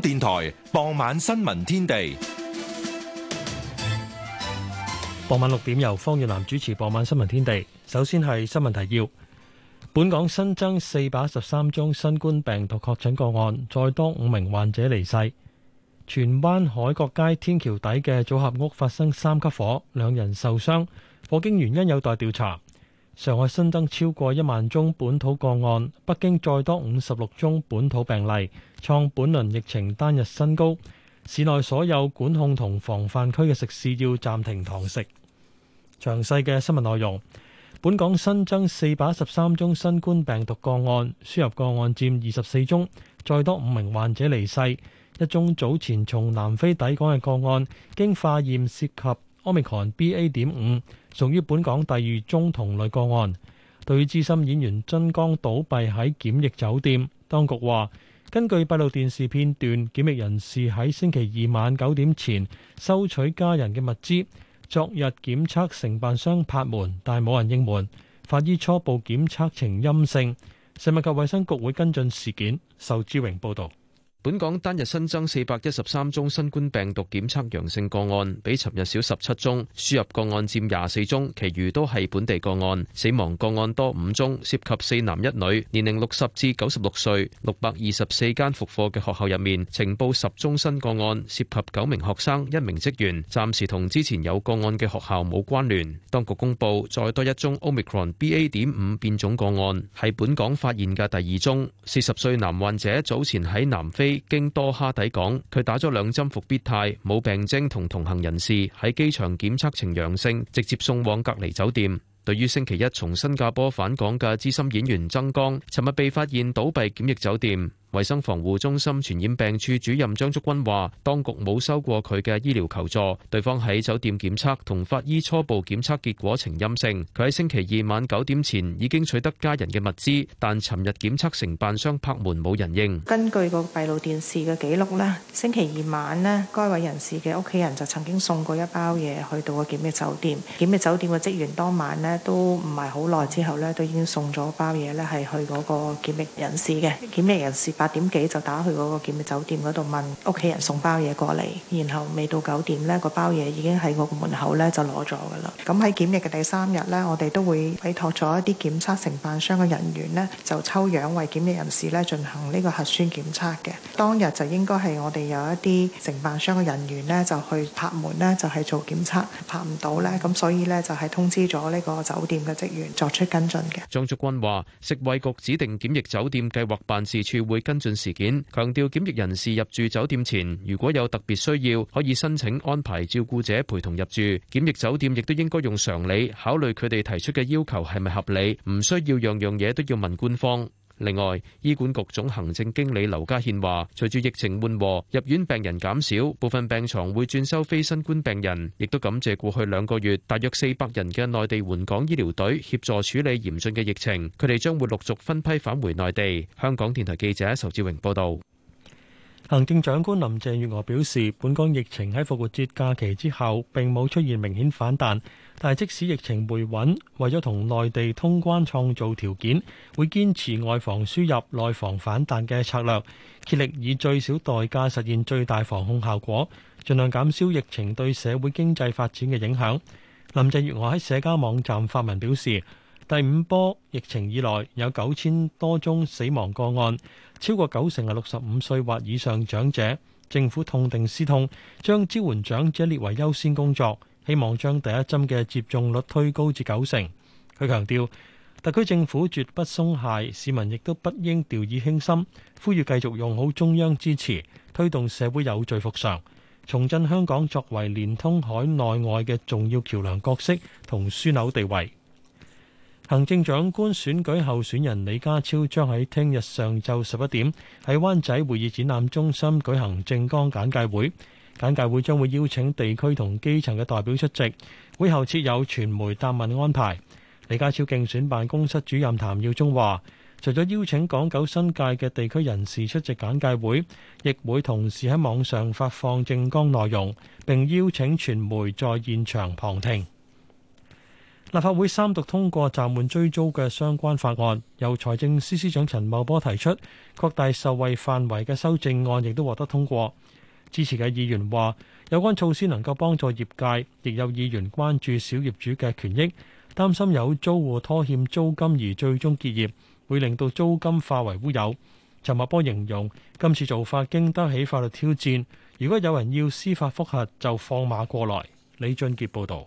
電台傍，傍晚新聞天地，傍晚六點由方月南主持。傍晚新聞天地，首先係新聞提要：本港新增四百一十三宗新冠病毒確診個案，再多五名患者離世。荃灣海角街天橋底嘅組合屋發生三級火，兩人受傷，火警原因有待調查。上海新增超過一萬宗本土個案，北京再多五十六宗本土病例。創本輪疫情單日新高，市內所有管控同防範區嘅食肆要暫停堂食。詳細嘅新聞內容，本港新增四百一十三宗新冠病毒個案，輸入個案占二十四宗，再多五名患者離世。一宗早前從南非抵港嘅個案經化驗涉及 Omicron B A. 點五，屬於本港第二宗同類個案。對於資深演員曾江倒閉喺檢疫酒店，當局話。根據閉路電視片段，檢疫人士喺星期二晚九點前收取家人嘅物資。昨日檢測承辦商拍門，但冇人應門。法醫初步檢測呈陰性。食物及衛生局會跟進事件。仇志榮報導。本港單日新增四百一十三宗新冠病毒檢測陽性個案，比尋日少十七宗。輸入個案佔廿四宗，其餘都係本地個案。死亡個案多五宗，涉及四男一女，年齡六十至九十六歲。六百二十四間復課嘅學校入面，呈報十宗新個案，涉及九名學生、一名職員，暫時同之前有個案嘅學校冇關聯。當局公佈再多一宗 Omicron BA. 點五變種個案，係本港發現嘅第二宗。四十歲男患者早前喺南非。經多哈抵港，佢打咗兩針復必泰，冇病徵同同行人士喺機場檢測呈陽性，直接送往隔離酒店。對於星期一從新加坡返港嘅資深演員曾江，尋日被發現倒斃檢疫酒店。衛生防護中心傳染病處主任張竹君話，當局冇收過佢嘅醫療求助，對方喺酒店檢測同法醫初步檢測結果呈陰性，佢喺星期二晚九點前已經取得家人嘅物資，但尋日檢測承辦商拍門冇人應。根據個閉路電視嘅記錄呢，星期二晚呢，該位人士嘅屋企人就曾經送過一包嘢去到個檢疫酒店，檢疫酒店嘅職員當晚呢都唔係好耐之後呢，都已經送咗包嘢呢係去嗰個檢疫人士嘅。八點幾就打去嗰個檢疫酒店嗰度問屋企人送包嘢過嚟，然後未到九點呢個包嘢已經喺我個門口呢就攞咗㗎啦。咁喺檢疫嘅第三日呢，我哋都會委託咗一啲檢測承辦商嘅人員呢，就抽樣為檢疫人士呢進行呢個核酸檢測嘅。當日就應該係我哋有一啲承辦商嘅人員呢，就去拍門呢，就係、是、做檢測，拍唔到呢。咁所以呢，就係、是、通知咗呢個酒店嘅職員作出跟進嘅。張竹君話：食衛局指定檢疫酒店計劃辦事處會跟。跟進事件，強調檢疫人士入住酒店前，如果有特別需要，可以申請安排照顧者陪同入住。檢疫酒店亦都應該用常理考慮佢哋提出嘅要求係咪合理，唔需要樣樣嘢都要問官方。另外，醫管局總行政經理劉家憲話，隨住疫情緩和，入院病人減少，部分病床會轉收非新冠病人，亦都感謝過去兩個月大約四百人嘅內地援港醫療隊協助處理嚴峻嘅疫情，佢哋將會陸續分批返回內地。香港電台記者仇志榮報道。行政長官林鄭月娥表示，本港疫情喺復活節假期之後並冇出現明顯反彈，但係即使疫情回穩，為咗同內地通關創造條件，會堅持外防輸入、內防反彈嘅策略，竭力以最小代價實現最大防控效果，盡量減少疫情對社會經濟發展嘅影響。林鄭月娥喺社交網站發文表示，第五波疫情以來有九千多宗死亡個案。超過九成係六十五歲或以上長者，政府痛定思痛，將支援長者列為優先工作，希望將第一針嘅接種率推高至九成。佢強調，特區政府絕不鬆懈，市民亦都不應掉以輕心，呼籲繼續用好中央支持，推動社會有序復常，重振香港作為連通海內外嘅重要橋梁角色同樞紐地位。行政長官選舉候選人李家超將喺聽日上晝十一點喺灣仔會議展覽中心舉行政綱簡介會，簡介會將會邀請地區同基層嘅代表出席，會後設有傳媒答問安排。李家超競選辦公室主任譚耀宗話，除咗邀請港九新界嘅地區人士出席簡介會，亦會同時喺網上發放政綱內容，並邀請傳媒在現場旁聽。立法會三讀通過暫緩追租嘅相關法案，由財政司司長陳茂波提出擴大受惠範圍嘅修正案，亦都獲得通過。支持嘅議員話：有關措施能夠幫助業界，亦有議員關注小業主嘅權益，擔心有租戶拖欠租金而最終結業，會令到租金化為烏有。陳茂波形容今次做法經得起法律挑戰，如果有人要司法覆核，就放馬過來。李俊傑報導。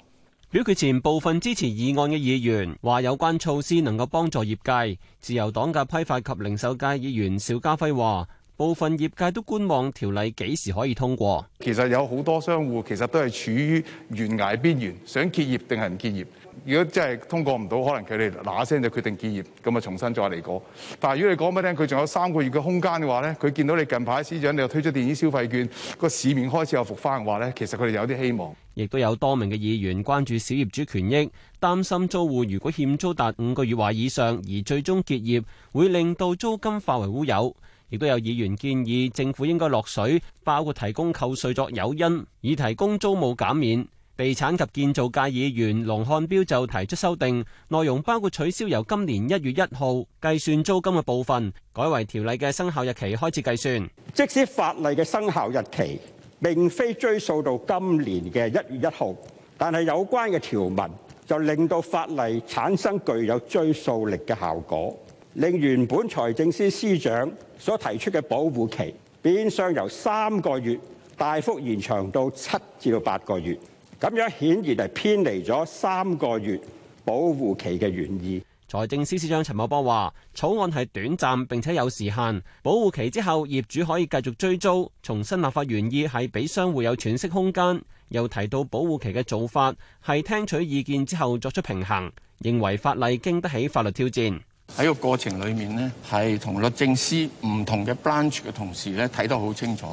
表決前，部分支持議案嘅議員話，有關措施能夠幫助業界。自由黨嘅批發及零售界議員邵家輝話。部分業界都觀望條例幾時可以通過。其實有好多商戶其實都係處於懸崖邊緣，想結業定係唔結業。如果真係通過唔到，可能佢哋嗱嗱聲就決定結業，咁啊重新再嚟過。但係如果你講俾佢聽，佢仲有三個月嘅空間嘅話咧，佢見到你近排司長你又推出電子消費券，個市面開始有復翻嘅話咧，其實佢哋有啲希望。亦都有多名嘅議員關注小業主權益，擔心租戶如果欠租達五個月或以上，而最終結業會令到租金化為烏有。亦都有議員建議政府應該落水，包括提供扣稅作誘因，以提供租務減免。地產及建造界議員龍漢標就提出修訂，內容包括取消由今年一月一號計算租金嘅部分，改為條例嘅生效日期開始計算。即使法例嘅生效日期並非追溯到今年嘅一月一號，但係有關嘅條文就令到法例產生具有追溯力嘅效果。令原本財政司司長所提出嘅保護期變相由三個月大幅延長到七至到八個月，咁樣顯然係偏離咗三個月保護期嘅原意。財政司司長陳茂波話：草案係短暫並且有時限，保護期之後，業主可以繼續追租。重新立法原意係俾商戶有喘息空間，又提到保護期嘅做法係聽取意見之後作出平衡，認為法例經得起法律挑戰。喺個過程裏面呢，係同律政司唔同嘅 branch 嘅同事咧睇得好清楚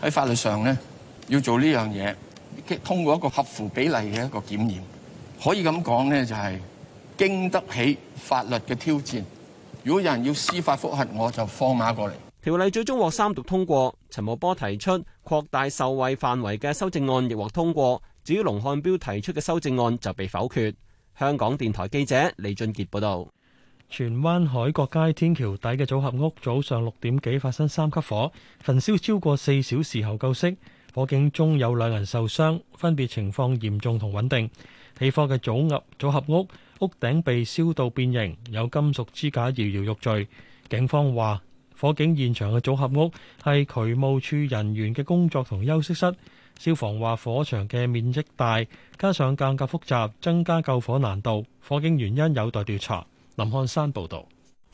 嘅。喺法律上呢，要做呢樣嘢，通過一個合乎比例嘅一個檢驗，可以咁講呢，就係、是、經得起法律嘅挑戰。如果有人要司法複核，我就放馬過嚟。條例最終獲三讀通過，陳茂波提出擴大受惠範圍嘅修正案亦獲通過，至於龍漢標提出嘅修正案就被否決。香港電台記者李俊杰報道。荃灣海角街天橋底嘅組合屋早上六點幾發生三級火，焚燒超過四小時後救熄。火警中有兩人受傷，分別情況嚴重同穩定。起火嘅組合組合屋屋頂被燒到變形，有金屬支架搖搖欲墜。警方話火警現場嘅組合屋係渠務處人員嘅工作同休息室。消防話火場嘅面積大，加上間隔複雜，增加救火難度。火警原因有待調查。林漢山報道，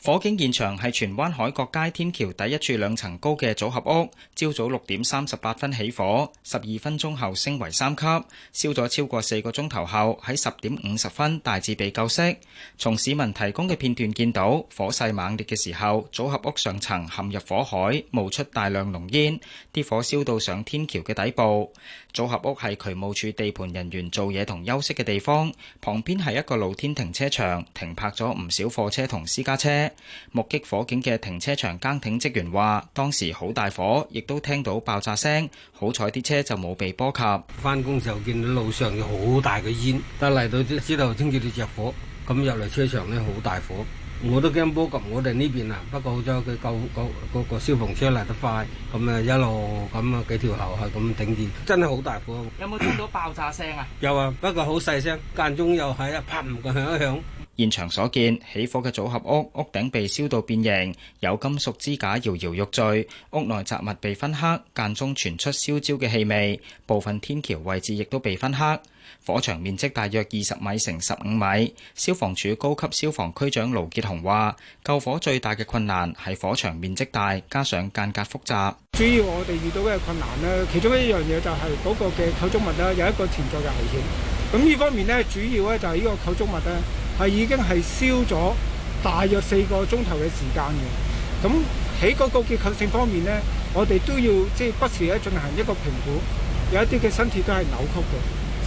火警現場係荃灣海角街天橋底一處兩層高嘅組合屋。朝早六點三十八分起火，十二分鐘後升為三級，燒咗超過四個鐘頭後，喺十點五十分大致被救熄。從市民提供嘅片段見到，火勢猛烈嘅時候，組合屋上層陷入火海，冒出大量濃煙，啲火燒到上天橋嘅底部。組合屋係渠務署地盤人員做嘢同休息嘅地方，旁邊係一個露天停車場，停泊咗唔少貨車同私家車。目擊火警嘅停車場更亭職員話，當時好大火，亦都聽到爆炸聲，好彩啲車就冇被波及。返工時候見到路上有好大嘅煙，但嚟到知道，先至知着火，咁入嚟車場呢，好大火。我都驚波及我哋呢邊啊！不過好在佢救救嗰個消防車嚟得快，咁啊一路咁啊幾條喉係咁頂住，真係好大火！有冇聽到爆炸聲啊？有啊，不過好細聲，間中又係啊啪嘅響一響。現場所見，起火嘅組合屋屋頂被燒到變形，有金屬支架搖搖欲墜，屋內雜物被燻黑，間中傳出燒焦嘅氣味，部分天橋位置亦都被燻黑。火場面積大約二十米乘十五米，消防處高級消防區長盧傑雄話：救火最大嘅困難係火場面積大，加上間隔複雜。主要我哋遇到嘅困難呢，其中一樣嘢就係嗰個嘅構築物呢有一個潛在嘅危險。咁呢方面呢，主要咧就係呢個構築物咧係已經係燒咗大約四個鐘頭嘅時間嘅。咁喺嗰個結構性方面呢，我哋都要即係不時咧進行一個評估，有一啲嘅身體都係扭曲嘅。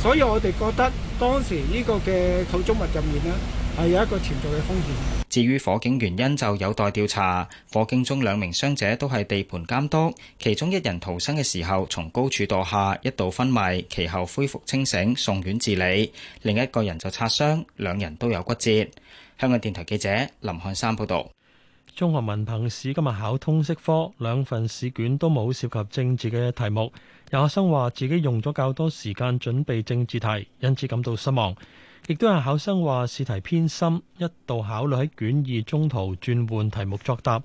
所以我哋覺得當時呢個嘅構築物入面呢係有一個潛在嘅風險。至於火警原因就有待調查。火警中兩名傷者都係地盤監督，其中一人逃生嘅時候從高處墮下，一度昏迷，其後恢復清醒，送院治理；另一個人就擦傷，兩人都有骨折。香港電台記者林漢山報道。中學文憑試今日考通識科，兩份試卷都冇涉及政治嘅題目。有學生話自己用咗較多時間準備政治題，因此感到失望。亦都有考生話試題偏深，一度考慮喺卷二中途轉換題目作答。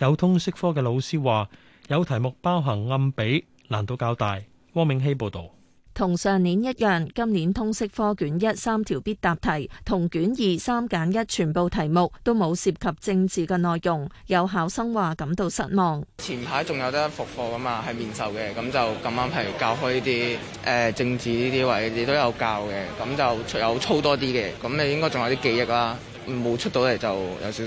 有通識科嘅老師話有題目包含暗比，難度較大。汪明希報道。同上年一樣，今年通識科卷一三條必答題，同卷二三揀一全部題目都冇涉及政治嘅內容。有考生話感到失望。前排仲有得復課噶嘛，係面授嘅，咁就咁啱係教開啲誒、呃、政治呢啲位，你都有教嘅，咁就有操多啲嘅，咁你應該仲有啲記憶啦。冇出到嚟就有少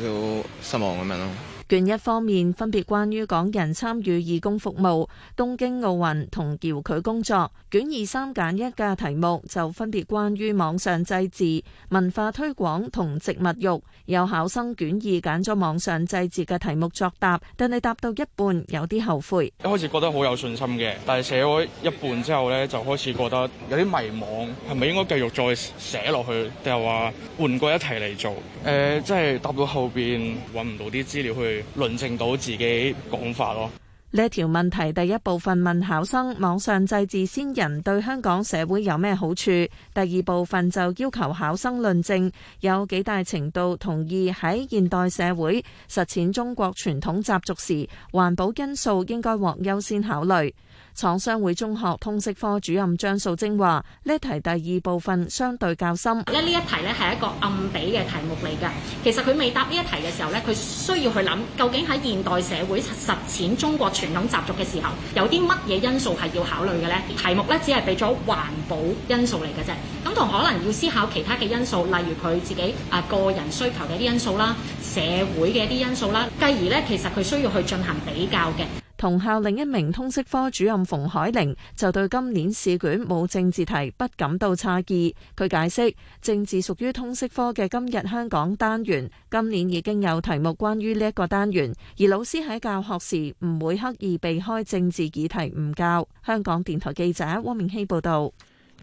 少失望咁樣咯。卷一方面分別關於港人參與義工服務、東京奧運同僑佢工作。卷二三揀一嘅題目就分別關於網上祭祀、文化推廣同植物肉。有考生卷二揀咗網上祭祀嘅題目作答，但係答到一半有啲後悔。一開始覺得好有信心嘅，但係寫咗一半之後呢，就開始覺得有啲迷茫，係咪應該繼續再寫落去，定係話換過一題嚟做？誒、呃，即、就、係、是、答到後邊揾唔到啲資料去。論證到自己講法咯。呢條問題第一部分問考生網上祭祀先人對香港社會有咩好處？第二部分就要求考生論證有幾大程度同意喺現代社會實踐中國傳統習俗時，環保因素應該獲優先考慮。廠商會中學通識科主任張素貞話：呢一題第二部分相對較深。呢，呢一題呢係一個暗比嘅題目嚟㗎。其實佢未答呢一題嘅時候，呢佢需要去諗究竟喺現代社會實踐中國傳統習俗嘅時候，有啲乜嘢因素係要考慮嘅呢？題目呢只係俾咗環保因素嚟嘅啫。咁同可能要思考其他嘅因素，例如佢自己啊個人需求嘅啲因素啦，社會嘅一啲因素啦，繼而呢其實佢需要去進行比較嘅。同校另一名通識科主任馮海玲就對今年試卷冇政治題不感到詫異，佢解釋政治屬於通識科嘅今日香港單元，今年已經有題目關於呢一個單元，而老師喺教學時唔會刻意避開政治議題唔教。香港電台記者汪明希報道。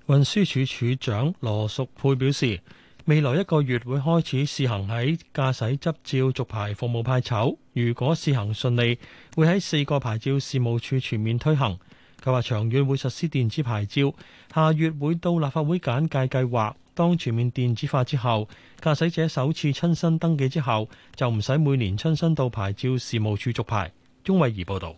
運輸署署長羅淑佩表示。未來一個月會開始試行喺駕駛執照續牌服務派籌，如果試行順利，會喺四個牌照事務處全面推行。佢話長遠會實施電子牌照，下月會到立法會簡介計劃。當全面電子化之後，駕駛者首次親身登記之後，就唔使每年親身到牌照事務處續牌。鍾慧儀報導。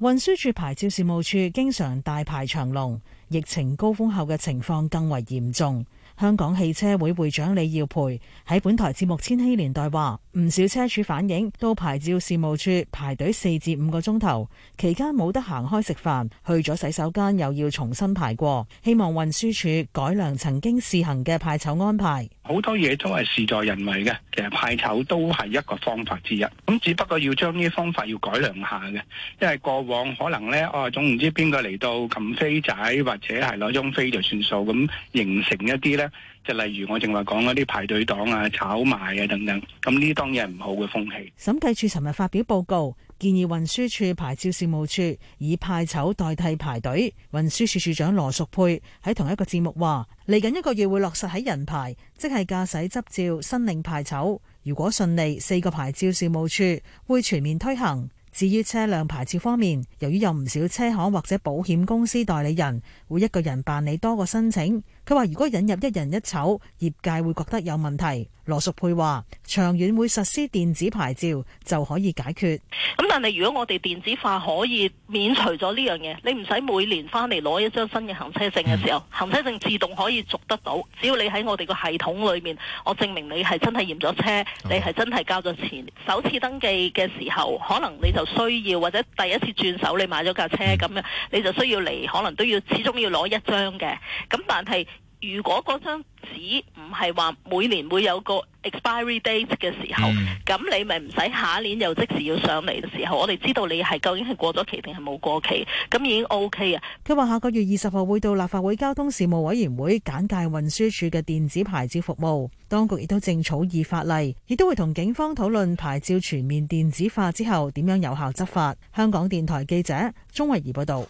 運輸署牌照事務處經常大排長龍，疫情高峰後嘅情況更為嚴重。香港汽車會會長李耀培喺本台節目《千禧年代》話，唔少車主反映到牌照事務處排隊四至五個鐘頭，期間冇得行開食飯，去咗洗手間又要重新排過。希望運輸署改良曾經試行嘅派籌安排。好多嘢都係事在人為嘅，其實派籌都係一個方法之一，咁只不過要將呢啲方法要改良下嘅，因為過往可能呢，哦，總唔知邊個嚟到撳飛仔或者係攞張飛就算數，咁形成一啲呢。就例如我正話講嗰啲排隊黨啊、炒賣啊等等，咁呢當然係唔好嘅風氣。審計署尋日發表報告，建議運輸署牌照事務處以派籌代替排隊。運輸署署長羅淑佩喺同一個節目話，嚟緊一個月會落實喺人牌，即係駕駛執照申領派籌。如果順利，四個牌照事務處會全面推行。至於車輛牌照方面，由於有唔少車行或者保險公司代理人會一個人辦理多個申請。佢話：如果引入一人一籌，業界會覺得有問題。羅淑佩話：長遠會實施電子牌照就可以解決。咁但係如果我哋電子化可以免除咗呢樣嘢，你唔使每年翻嚟攞一張新嘅行車證嘅時候，嗯、行車證自動可以續得到。只要你喺我哋個系統裏面，我證明你係真係驗咗車，你係真係交咗錢，嗯、首次登記嘅時候，可能你就需要，或者第一次轉手你買咗架車咁、嗯、樣，你就需要嚟，可能都要始終要攞一張嘅。咁但係如果嗰張紙唔係話每年會有個 expiry date 嘅時候，咁、嗯、你咪唔使下年又即時要上嚟嘅時候，我哋知道你係究竟係過咗期定係冇過期，咁已經 OK 啊！佢話下個月二十號會到立法會交通事務委員會簡介運輸署嘅電子牌照服務，當局亦都正草擬法例，亦都會同警方討論牌照全面電子化之後點樣有效執法。香港電台記者鍾慧儀報道。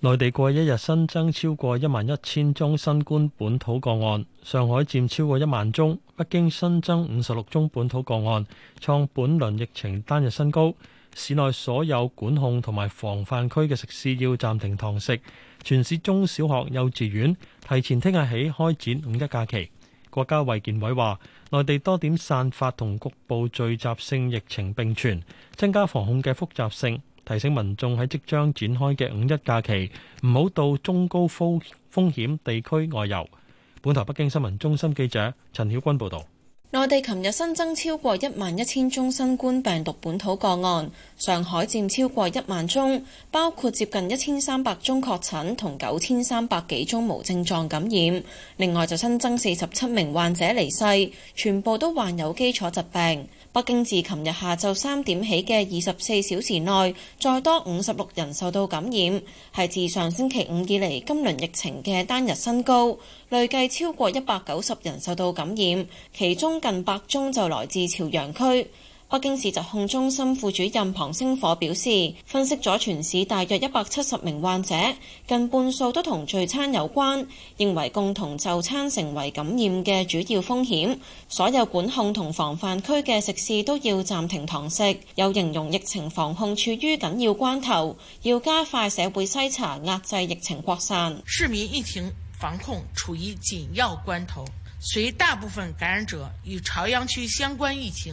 內地過一日新增超過一萬一千宗新冠本土個案，上海佔超過一萬宗，北京新增五十六宗本土個案，創本輪疫情單日新高。市內所有管控同埋防範區嘅食肆要暫停堂食，全市中小學、幼稚園提前聽日起開展五一假期。國家衛健委話，內地多點散發同局部聚集性疫情並存，增加防控嘅複雜性。提醒民眾喺即將展開嘅五一假期，唔好到中高風風險地區外遊。本台北京新聞中心記者陳曉君報道。內地琴日新增超過一萬一千宗新冠病毒本土個案，上海佔超過一萬宗，包括接近一千三百宗確診同九千三百幾宗無症狀感染。另外就新增四十七名患者離世，全部都患有基礎疾病。北京自琴日下晝三點起嘅二十四小時內，再多五十六人受到感染，係自上星期五以嚟今輪疫情嘅單日新高，累計超過一百九十人受到感染，其中近百宗就來自朝陽區。北京市疾控中心副主任龐星火表示，分析咗全市大約一百七十名患者，近半數都同聚餐有關，認為共同就餐成為感染嘅主要風險，所有管控同防範區嘅食肆都要暫停堂食。又形容疫情防控處於緊要關頭，要加快社會篩查，壓制疫情擴散。市民疫情防控處於緊要關頭，隨大部分感染者與朝陽區相關疫情，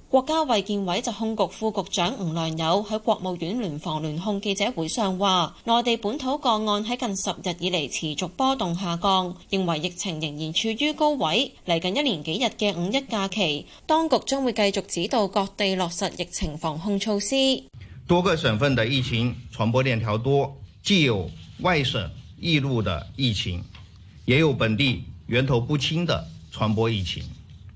國家衛健委疾控局副局長吳良友喺國務院聯防聯控記者會上話，內地本土個案喺近十日以嚟持續波動下降，認為疫情仍然處於高位。嚟近一年幾日嘅五一假期，當局將會繼續指導各地落實疫情防控措施。多個省份的疫情傳播鏈條多，既有外省溢入的疫情，也有本地源頭不清的傳播疫情。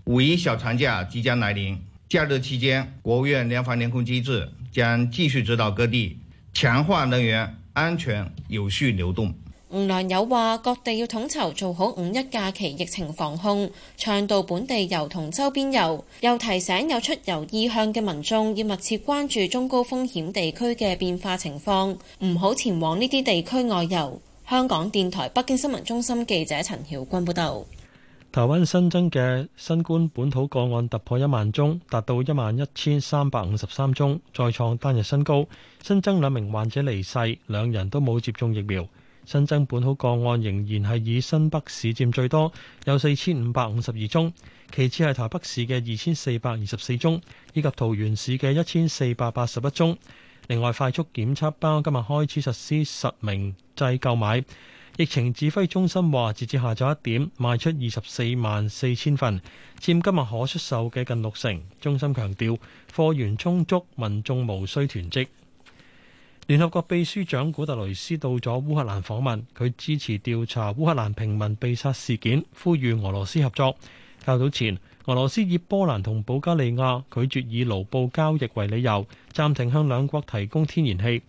五一小長假即將來臨。假日期間，國務院聯防聯控機制將繼續指導各地強化能源安全有序流動。吳良友話各地要統籌做好五一假期疫情防控，倡導本地遊同周邊遊，又提醒有出遊意向嘅民眾要密切關注中高風險地區嘅變化情況，唔好前往呢啲地區外遊。香港電台北京新聞中心記者陳曉君報道。台灣新增嘅新冠本土個案突破一萬宗，達到一萬一千三百五十三宗，再創單日新高。新增兩名患者離世，兩人都冇接種疫苗。新增本土個案仍然係以新北市佔最多，有四千五百五十二宗，其次係台北市嘅二千四百二十四宗，以及桃園市嘅一千四百八十一宗。另外，快速檢測包今日開始實施實名制購買。疫情指揮中心話截至下晝一點，賣出二十四萬四千份，佔今日可出售嘅近六成。中心強調貨源充足，民眾無需囤積。聯合國秘書長古特雷斯到咗烏克蘭訪問，佢支持調查烏克蘭平民被殺事件，呼籲俄羅斯合作。較早前，俄羅斯以波蘭同保加利亞拒絕以盧布交易為理由，暫停向兩國提供天然氣。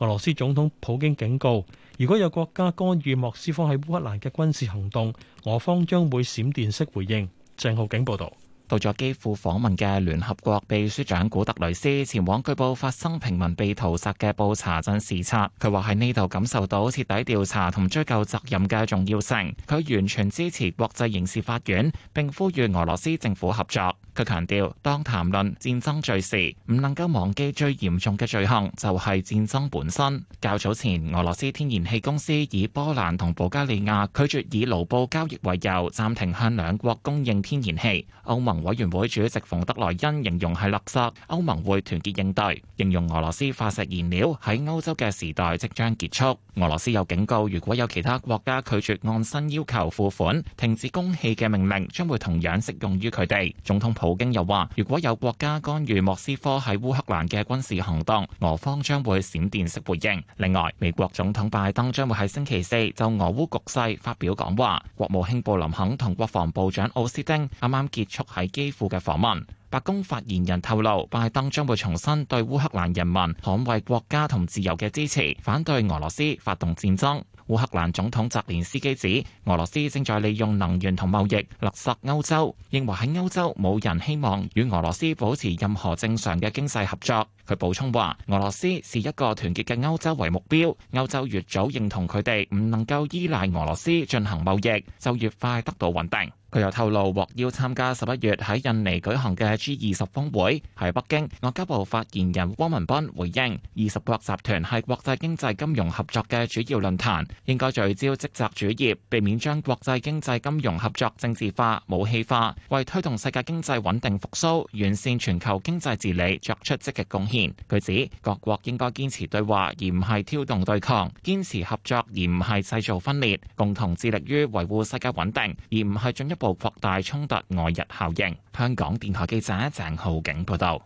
俄羅斯總統普京警告。如果有國家干預莫斯科喺烏克蘭嘅軍事行動，俄方將會閃電式回應。鄭浩景報導。到咗基輔訪問嘅聯合國秘書長古特雷斯前往據報發生平民被屠殺嘅布查鎮視察，佢話喺呢度感受到徹底調查同追究責任嘅重要性。佢完全支持國際刑事法院，並呼籲俄羅斯政府合作。佢強調，當談論戰爭罪時，唔能夠忘記最嚴重嘅罪行就係戰爭本身。較早前，俄羅斯天然氣公司以波蘭同保加利亞拒絕以盧布交易為由，暫停向兩國供應天然氣。歐盟委員會主席馮德萊恩形容係勒索，歐盟會團結應對。形容俄羅斯化石燃料喺歐洲嘅時代即將結束。俄羅斯又警告，如果有其他國家拒絕按新要求付款，停止供氣嘅命令，將會同樣適用於佢哋。總統普京又話，如果有國家干預莫斯科喺烏克蘭嘅軍事行動，俄方將會閃電式回應。另外，美國總統拜登將會喺星期四就俄烏局勢發表講話。國務卿布林肯同國防部長奧斯丁啱啱結束喺基輔嘅訪問。白宮發言人透露，拜登將會重新對烏克蘭人民捍衛國家同自由嘅支持，反對俄羅斯發動戰爭。烏克蘭總統澤連斯基指，俄羅斯正在利用能源同貿易勒索歐洲，認為喺歐洲冇人希望與俄羅斯保持任何正常嘅經濟合作。佢補充話，俄羅斯是一個團結嘅歐洲為目標，歐洲越早認同佢哋，唔能夠依賴俄羅斯進行貿易，就越快得到穩定。佢又透露，獲邀參加十一月喺印尼舉行嘅 G 二十峰會。喺北京，外交部發言人汪文斌回應：二十國集團係國際經濟金融合作嘅主要論壇應該聚焦職責主業，避免將國際經濟金融合作政治化、武器化，為推動世界經濟穩定復蘇完善全球經濟治理作出積極貢獻。佢指，各國應該堅持對話而唔係挑動對抗，堅持合作而唔係製造分裂，共同致力於維護世界穩定，而唔係進一步。擴大衝突外溢效應。香港電台記者鄭浩景報道，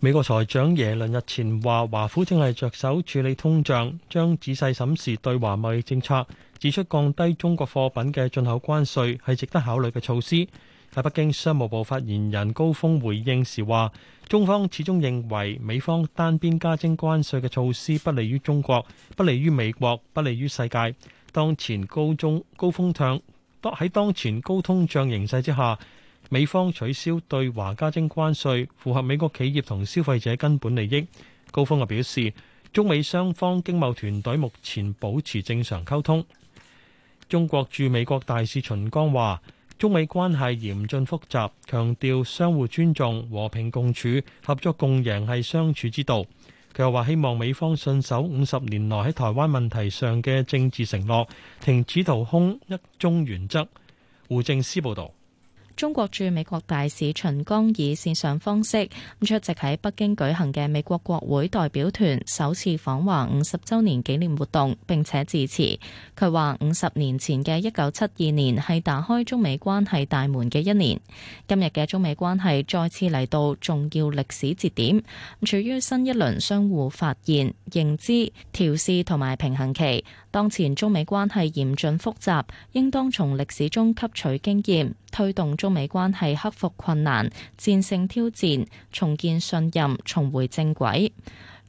美國財長耶倫日前話，華府正係着手處理通脹，將仔細審視對華貿易政策，指出降低中國貨品嘅進口關稅係值得考慮嘅措施。喺北京，商務部發言人高峰回應時話，中方始終認為美方單邊加徵關稅嘅措施不利於中國，不利於美國，不利於世界。當前高中高峰向。喺當前高通脹形勢之下，美方取消對華加徵關稅，符合美國企業同消費者根本利益。高峰又表示，中美雙方經貿團隊目前保持正常溝通。中國駐美國大使秦剛話：中美關係嚴峻複雜，強調相互尊重、和平共處、合作共贏係相處之道。佢又話：希望美方信守五十年來喺台灣問題上嘅政治承諾，停止掏空一中原則。胡正思報導。中國駐美國大使秦剛以線上方式出席喺北京舉行嘅美國國會代表團首次訪華五十周年紀念活動，並且致辭。佢話：五十年前嘅一九七二年係打開中美關係大門嘅一年，今日嘅中美關係再次嚟到重要歷史節點，處於新一輪相互發現、認知、調試同埋平衡期。當前中美關係嚴峻複雜，應當從歷史中吸取經驗，推動中美關係克服困難、戰勝挑戰、重建信任、重回正軌。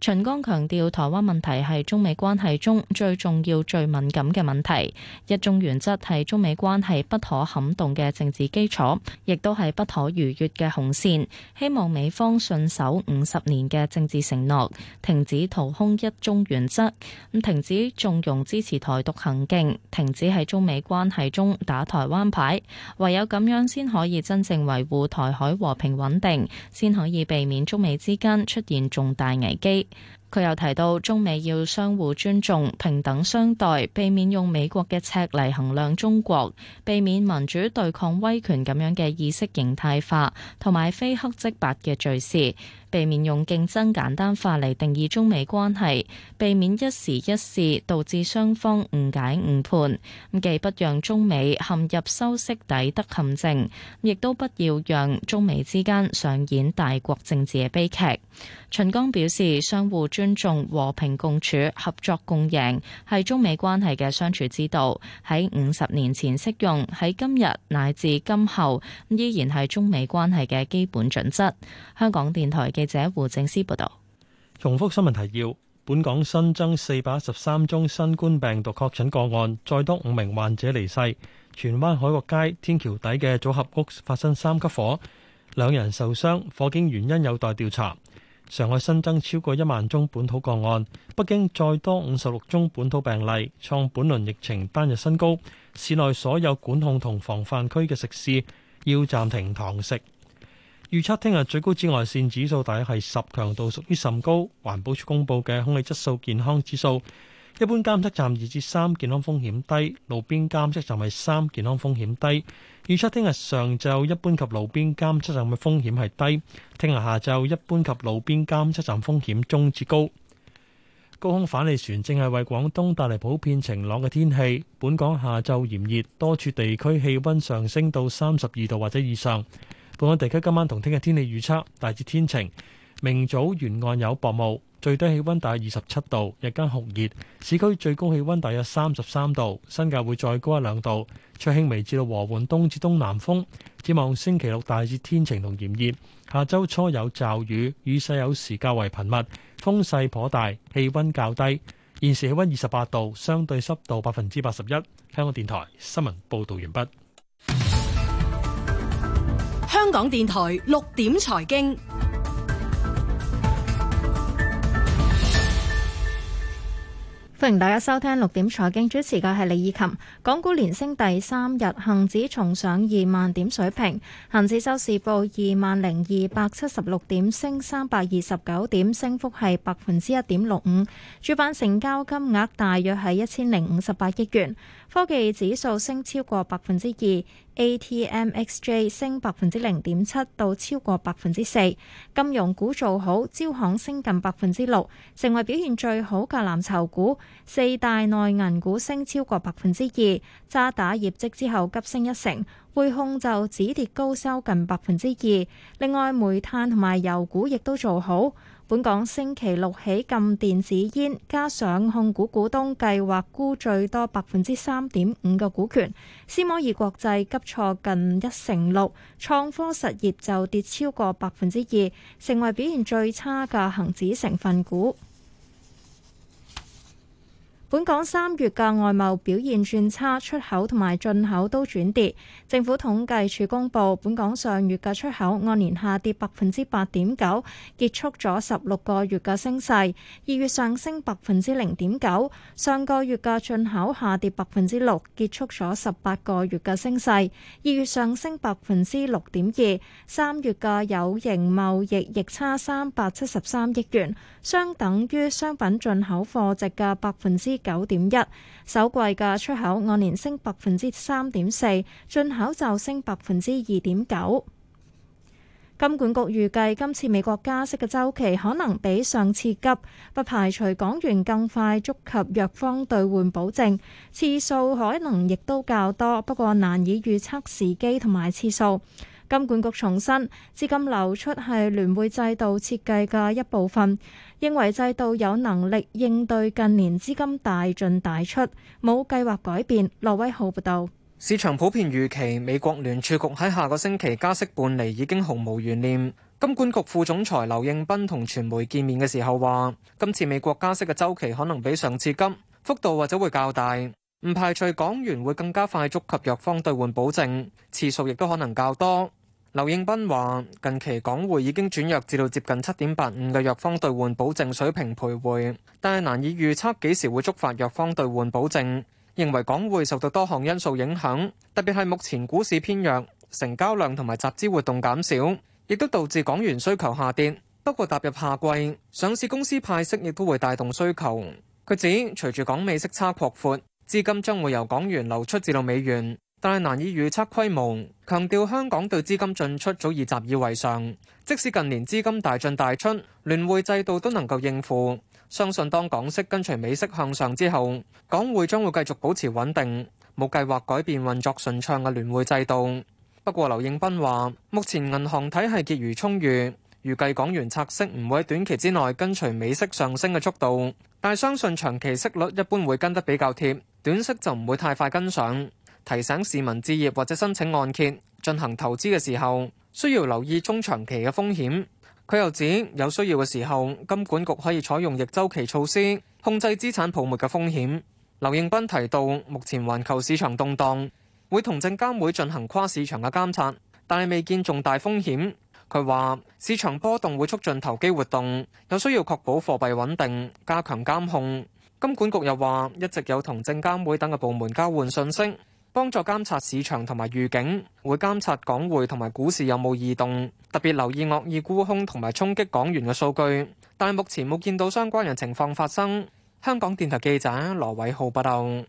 秦剛強調，台灣問題係中美關係中最重要、最敏感嘅問題。一中原則係中美關係不可撼動嘅政治基礎，亦都係不可逾越嘅紅線。希望美方信守五十年嘅政治承諾，停止掏空一中原則，咁停止縱容支持台獨行徑，停止喺中美關係中打台灣牌。唯有咁樣先可以真正維護台海和平穩定，先可以避免中美之間出現重大危機。佢又提到，中美要相互尊重、平等相待，避免用美國嘅尺嚟衡量中國，避免民主對抗威權咁樣嘅意識形態化同埋非黑即白嘅敘事。避免用競爭簡單化嚟定義中美關係，避免一時一事導致雙方誤解誤判，既不讓中美陷入修昔底德陷阱，亦都不要讓中美之間上演大國政治嘅悲劇。秦剛表示，相互尊重、和平共處、合作共贏，係中美關係嘅相處之道，喺五十年前適用，喺今日乃至今後依然係中美關係嘅基本準則。香港電台。記者胡正思報道。重複新聞提要：本港新增四百一十三宗新冠病毒確診個案，再多五名患者離世。荃灣海角街天橋底嘅組合屋發生三級火，兩人受傷，火警原因有待調查。上海新增超過一萬宗本土個案，北京再多五十六宗本土病例，創本輪疫情單日新高。市內所有管控同防範區嘅食肆要暫停堂食。預測聽日最高紫外線指數大約係十，強度屬於甚高。環保署公布嘅空氣質素健康指數，一般監測站二至三，健康風險低；路邊監測站係三，健康風險低。預測聽日上晝一般及路邊監測站嘅風險係低，聽日下晝一般及路邊監測站風險中至高。高空反氣旋正係為廣東帶嚟普遍晴朗嘅天氣，本港下晝炎熱，多處地區氣溫上升到三十二度或者以上。本港地區今晚同聽日天氣預測，大致天晴，明早沿岸有薄霧，最低氣溫大約二十七度，日間酷熱，市區最高氣溫大約三十三度，新界會再高一兩度，吹輕微至到和緩東至東南風。展望星期六大致天晴同炎熱，下周初有驟雨，雨勢有時較為頻密，風勢頗大，氣溫較低。現時氣溫二十八度，相對濕度百分之八十一。香港電台新聞報道完畢。香港電台六點財經，歡迎大家收聽六點財經，主持嘅係李以琴。港股連升第三日，恒指重上二萬點水平，恒指收市報二萬零二百七十六點，升三百二十九點，升幅係百分之一點六五。主板成交金額大約係一千零五十八億元，科技指數升超過百分之二。ATMXJ 升百分之零點七到超過百分之四，金融股做好，招行升近百分之六，成為表現最好嘅藍籌股。四大內銀股升超過百分之二，渣打業績之後急升一成，匯控就止跌高收近百分之二。另外，煤炭同埋油股亦都做好。本港星期六起禁電子煙，加上控股股東計劃沽最多百分之三點五嘅股權，斯摩爾國際急挫近一成六，創科實業就跌超過百分之二，成為表現最差嘅恒指成分股。本港三月嘅外貿表現轉差，出口同埋進口都轉跌。政府統計處公布，本港上月嘅出口按年下跌百分之八點九，結束咗十六個月嘅升勢，二月上升百分之零點九。上個月嘅進口下跌百分之六，結束咗十八個月嘅升勢，二月上升百分之六點二。三月嘅有形貿易逆差三百七十三億元，相等於商品進口貨值嘅百分之九點一，首季嘅出口按年升百分之三點四，進口就升百分之二點九。金管局預計今次美國加息嘅週期可能比上次急，不排除港元更快觸及弱方兌換保證，次數可能亦都較多，不過難以預測時機同埋次數。金管局重申，資金流出係聯匯制度設計嘅一部分，認為制度有能力應對近年資金大進大出，冇計劃改變。羅威浩報道。市場普遍預期美國聯儲局喺下個星期加息半釐已經毫無懸念。金管局副總裁劉應斌同傳媒見面嘅時候話，今次美國加息嘅週期可能比上次急，幅度或者會較大，唔排除港元會更加快速及弱方兌換保證次數亦都可能較多。劉應斌話：近期港匯已經轉弱至到接近七點八五嘅弱方兌換保證水平徘徊，但係難以預測幾時會觸發弱方兌換保證。認為港匯受到多項因素影響，特別係目前股市偏弱、成交量同埋集資活動減少，亦都導致港元需求下跌。不過踏入夏季，上市公司派息亦都會帶動需求。佢指，隨住港美息差擴闊，資金將會由港元流出至到美元。但係難以預測規模，強調香港對資金進出早已習以為常，即使近年資金大進大出，聯匯制度都能夠應付。相信當港息跟隨美息向上之後，港匯將會繼續保持穩定，冇計劃改變運作順暢嘅聯匯制度。不過劉應斌話，目前銀行體系結餘充裕，預計港元拆息唔會喺短期之內跟隨美息上升嘅速度，但係相信長期息率一般會跟得比較貼，短息就唔會太快跟上。提醒市民置業或者申請按揭進行投資嘅時候，需要留意中長期嘅風險。佢又指有需要嘅時候，金管局可以採用逆周期措施控制資產泡沫嘅風險。劉應斌提到，目前環球市場動盪，會同證監會進行跨市場嘅監察，但係未見重大風險。佢話市場波動會促進投機活動，有需要確保貨幣穩定，加強監控。金管局又話一直有同證監會等嘅部門交換信息。幫助監察市場同埋預警，會監察港匯同埋股市有冇異動，特別留意惡意沽空同埋衝擊港元嘅數據，但係目前冇見到相關嘅情況發生。香港電台記者羅偉浩報道。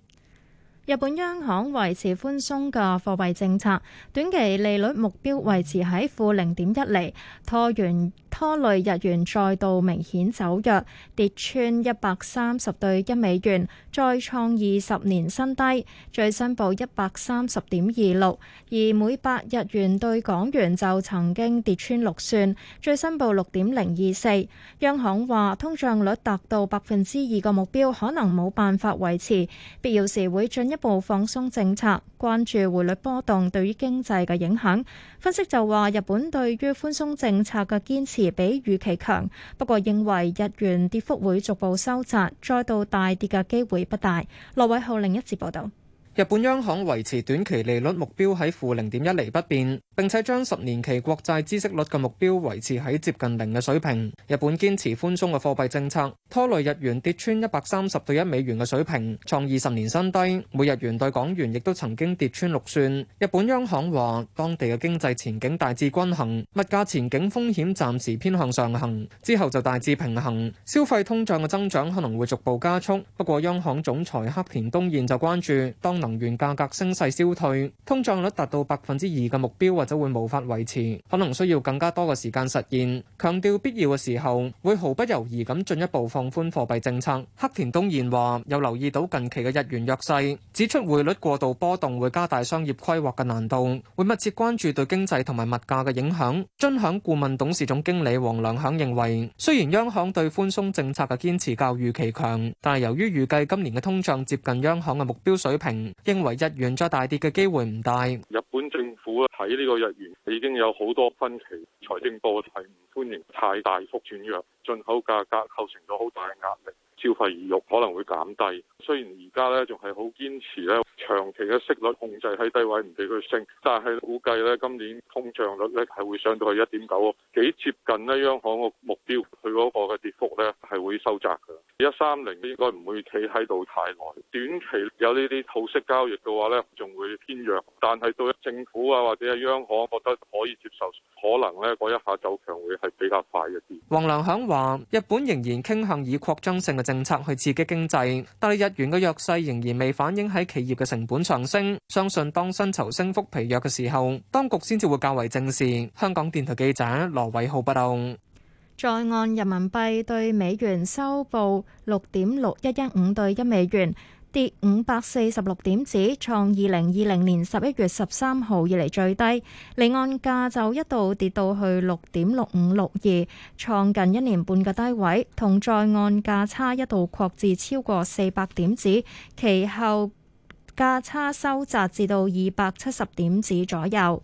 日本央行維持寬鬆嘅貨幣政策，短期利率目標維持喺負零點一厘。拖元拖累日元再度明顯走弱，跌穿一百三十對一美元，再創二十年新低，最新報一百三十點二六。而每百日元對港元就曾經跌穿六算，最新報六點零二四。央行話通脹率達到百分之二嘅目標可能冇辦法維持，必要時會進一步放鬆政策，關注匯率波動對於經濟嘅影響。分析就話，日本對於寬鬆政策嘅堅持比預期強，不過認為日元跌幅會逐步收窄，再度大跌嘅機會不大。羅偉浩，另一節報道。日本央行維持短期利率目標喺負零點一厘不變，並且將十年期國債孳息率嘅目標維持喺接近零嘅水平。日本堅持寬鬆嘅貨幣政策，拖累日元跌穿一百三十對一美元嘅水平，創二十年新低。每日元兌港元亦都曾經跌穿六算。日本央行話，當地嘅經濟前景大致均衡，物價前景風險暫時偏向上行，之後就大致平衡。消費通脹嘅增長可能會逐步加速。不過央行總裁黑田東彥就關注，當能源價格升勢消退，通脹率達到百分之二嘅目標或就會無法維持，可能需要更加多嘅時間實現。強調必要嘅時候，會毫不猶豫咁進一步放寬貨幣政策。黑田東彥話有留意到近期嘅日元弱勢，指出匯率過度波動會加大商業規劃嘅難度，會密切關注對經濟同埋物價嘅影響。津享顧問董事總經理王良享認為，雖然央行對寬鬆政策嘅堅持較預期強，但係由於預計今年嘅通脹接近央行嘅目標水平，認為日元再大跌嘅機會唔大。日本政府喺呢、這個日元已經有好多分歧，財政部係唔歡迎太大幅轉弱，進口價格構成咗好大嘅壓力。消費意欲可能會減低，雖然而家咧仲係好堅持咧，長期嘅息率控制喺低位，唔俾佢升。但係估計咧今年通脹率咧係會上到去一點九，幾接近咧央行個目標，佢嗰個嘅跌幅咧係會收窄㗎。一三零應該唔會企喺度太耐，短期有呢啲套息交易嘅話咧，仲會偏弱。但係對政府啊或者係央行覺得可以接受，可能咧嗰一下走強會係比較快一啲。黃良響話：日本仍然傾向以擴張性嘅。政策去刺激經濟，但係日元嘅弱勢仍然未反映喺企業嘅成本上升。相信當薪酬升幅疲弱嘅時候，當局先至會較為正視。香港電台記者羅偉浩報道，在岸人民幣對美元收報六點六一一五對一美元。跌五百四十六點子，創二零二零年十一月十三號以嚟最低。離岸價就一度跌到去六點六五六二，創近一年半嘅低位，同在岸價差一度擴至超過四百點子，其後價差收窄至到二百七十點子左右。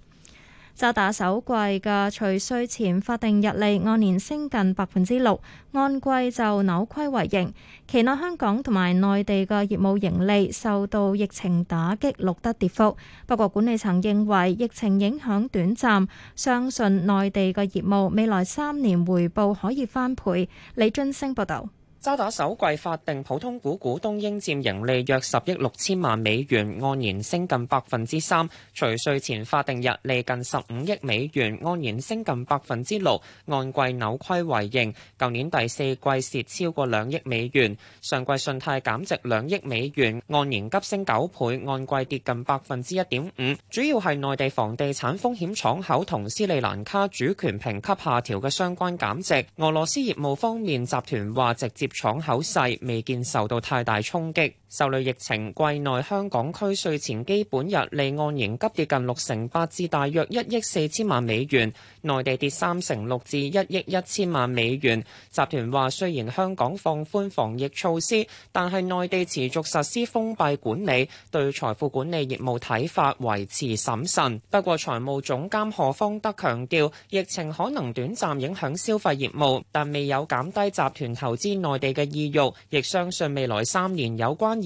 渣打首季嘅除稅前法定日利按年升近百分之六，按季就扭虧為盈。期內香港同埋內地嘅業務盈利受到疫情打擊錄得跌幅，不過管理層認為疫情影響短暫，相信內地嘅業務未來三年回報可以翻倍。李津升報道。渣打首季法定普通股股東應佔盈利約十億六千萬美元，按年升近百分之三；除稅前法定溢利近十五億美元，按年升近百分之六，按季扭虧為盈。舊年第四季蝕超過兩億美元，上季信貸減值兩億美元，按年急升九倍，按季跌近百分之一點五，主要係內地房地產風險敞口同斯里蘭卡主權評級下調嘅相關減值。俄羅斯業務方面，集團話直接廠口細，未見受到太大衝擊。受累疫情，季內香港區稅前基本日利按年急跌近六成八至大約一億四千萬美元；內地跌三成六至一億一千萬美元。集團話雖然香港放寬防疫措施，但係內地持續實施封閉管理，對財富管理業務睇法維持審慎。不過財務總監何方德強調疫情可能短暫影響消費業務，但未有減低集團投資內地嘅意欲，亦相信未來三年有關。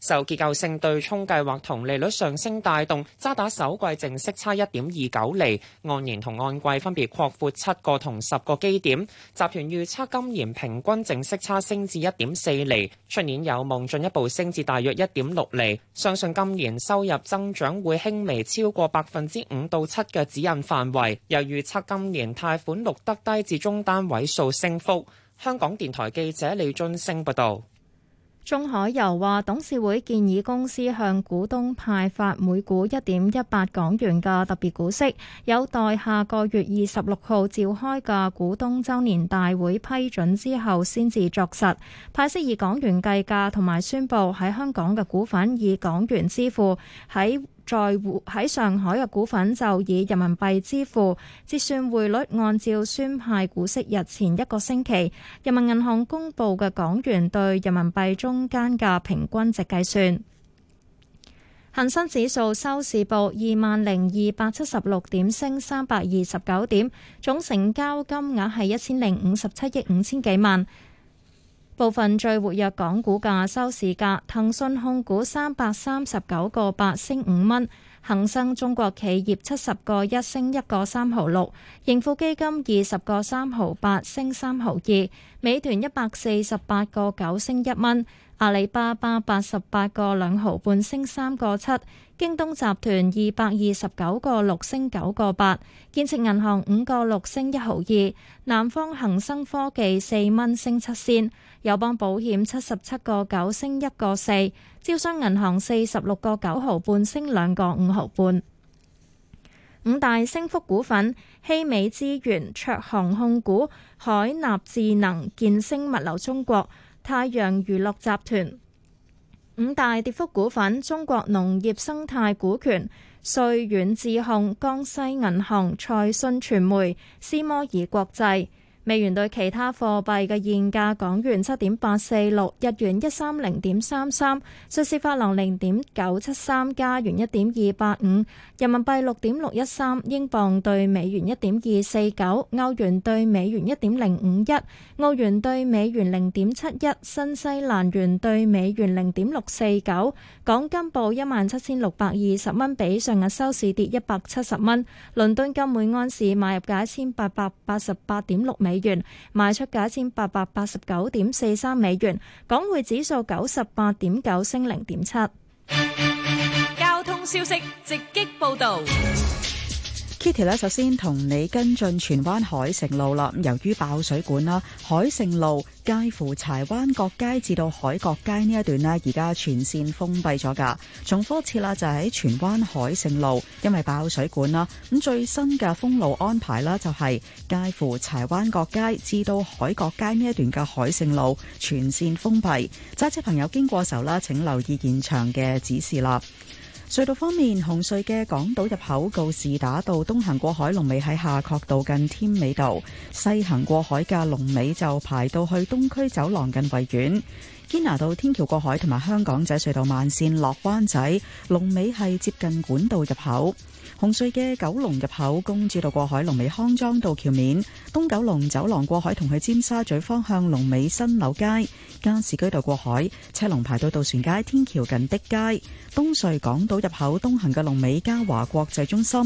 受結構性對沖計劃同利率上升帶動，渣打首季淨息差一點二九厘，按年同按季分別擴闊七個同十個基點。集團預測今年平均淨息差升至一點四厘，出年有望進一步升至大約一點六厘。相信今年收入增長會輕微超過百分之五到七嘅指引範圍。又預測今年貸款錄得低至中單位數升幅。香港電台記者李津升報道。中海油話，董事會建議公司向股東派發每股一點一八港元嘅特別股息，有待下個月二十六號召開嘅股東周年大會批准之後先至作實。派息以港元計價，同埋宣布喺香港嘅股份以港元支付喺。在喺上海嘅股份就以人民幣支付，折算匯率按照宣派股息日前一個星期，人民銀行公布嘅港元對人民幣中間價平均值計算。恒生指數收市報二萬零二百七十六點，升三百二十九點，總成交金額係一千零五十七億五千幾萬。部分最活躍港股價收市價，騰訊控股三百三十九個八升五蚊，恒生中國企業七十個一升一個三毫六，盈富基金二十個三毫八升三毫二，美團一百四十八個九升一蚊，阿里巴巴八十八個兩毫半升三個七。京東集團二百二十九個六升九個八，建設銀行五個六升一毫二，南方恒生科技四蚊升七仙，友邦保險七十七個九升一個四，招商銀行四十六個九毫半升兩個五毫半。五大升幅股份：希美資源、卓航控股、海納智能、建升物流中國、太陽娛樂集團。五大跌幅股份：中國農業生態股權、瑞遠智控、江西銀行、賽信傳媒、斯摩爾國際。美元對其他貨幣嘅現價：港元七點八四六，日元一三零點三三，瑞士法郎零點九七三，加元一點二八五，人民幣六點六一三，英鎊對美元一點二四九，歐元對美元一點零五一，澳元對美元零點七一，新西蘭元對美元零點六四九。港金報一萬七千六百二十蚊，比上日收市跌一百七十蚊。倫敦金每安士買入價一千八百八十八點六美。美元賣出價一千八百八十九點四三美元，港匯指數九十八點九升零點七。交通消息直擊報道。呢條咧，首先同你跟進荃灣海盛路啦，由於爆水管啦，海盛路介乎柴灣角街至到海角街呢一段呢，而家全線封閉咗噶。重複一次啦，就喺荃灣海盛路，因為爆水管啦。咁最新嘅封路安排啦，就係介乎柴灣角街至到海角街呢一段嘅海盛路全線封閉。揸車朋友經過嘅時候啦，請留意現場嘅指示啦。隧道方面，紅隧嘅港島入口告士打道東行過海龍尾喺夏慤道近添美道，西行過海嘅龍尾就排到去東區走廊近維園。堅拿道天橋過海同埋香港仔隧道慢綫落灣仔龍尾係接近管道入口；紅隧嘅九龍入口公主道過海龍尾康莊道橋面；東九龍走廊過海同去尖沙咀方向龍尾新柳街；加士居道過海車龍排到渡船街天橋近的街；東隧港島入口東行嘅龍尾嘉華國際中心；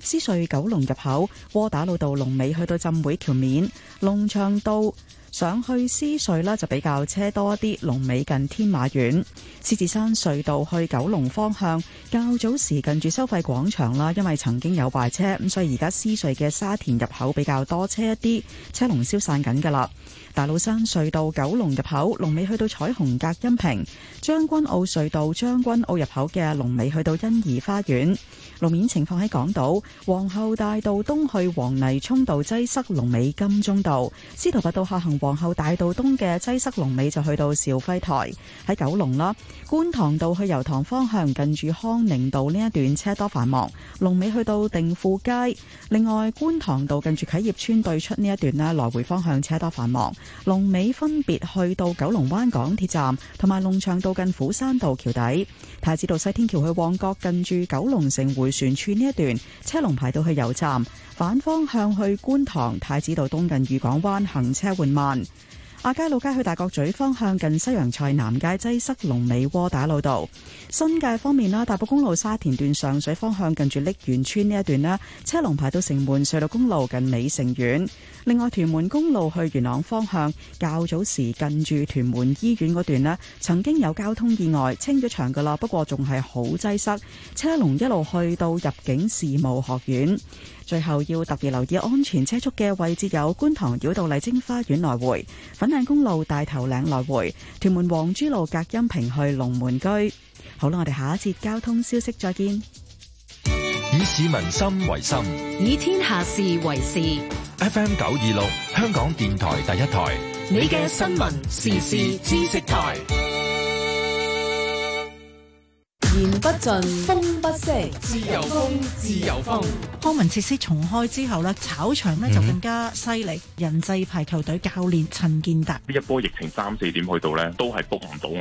獅隧九龍入口窩打老道龍尾去到浸會橋面；龍翔道。想去獅隧咧就比較車多一啲，龍尾近天馬苑，獅子山隧道去九龍方向，較早時近住收費廣場啦，因為曾經有壞車，咁所以而家獅隧嘅沙田入口比較多車一啲，車龍消散緊噶啦。大老山隧道九龍入口，龍尾去到彩虹隔音屏；將軍澳隧道將軍澳入口嘅龍尾去到欣怡花園。路面情況喺港島皇后大道東去黃泥涌道擠塞，龍尾金鐘道；司徒拔道下行皇后大道東嘅擠塞，龍尾就去到兆輝台喺九龍啦。觀塘道去油塘方向近住康寧道呢一段車多繁忙，龍尾去到定富街。另外，觀塘道近住啟業邨對出呢一段呢，來回方向車多繁忙。龍尾分別去到九龍灣港鐵站同埋龍翔道近斧山道橋底，太子道西天橋去旺角近住九龍城回旋處呢一段車龍排到去油站，反方向去觀塘太子道東近譽港灣行車緩慢。亞皆老街去大角咀方向近西洋菜南街擠塞，龍尾窩打老道。新界方面啦，大埔公路沙田段上水方向近住瀝源村呢一段啦，車龍排到城門隧道公路近美城苑。另外，屯門公路去元朗方向較早時近住屯門醫院嗰段咧，曾經有交通意外清咗場噶啦，不過仲係好擠塞，車龍一路去到入境事務學院。最後要特別留意安全車速嘅位置有觀塘繞道麗晶花園來回、粉嶺公路大頭嶺來回、屯門黃珠路隔音屏去龍門居。好啦，我哋下一節交通消息再見。以市民心為心，以天下事為事。FM 九二六，香港電台第一台，你嘅新聞時事知識台。言不盡風不息，自由風自由風，康文設施重開之後咧，炒場咧就更加犀利。嗯、人際排球隊教練陳建達呢一波疫情三四點去到咧，都係 book 唔到。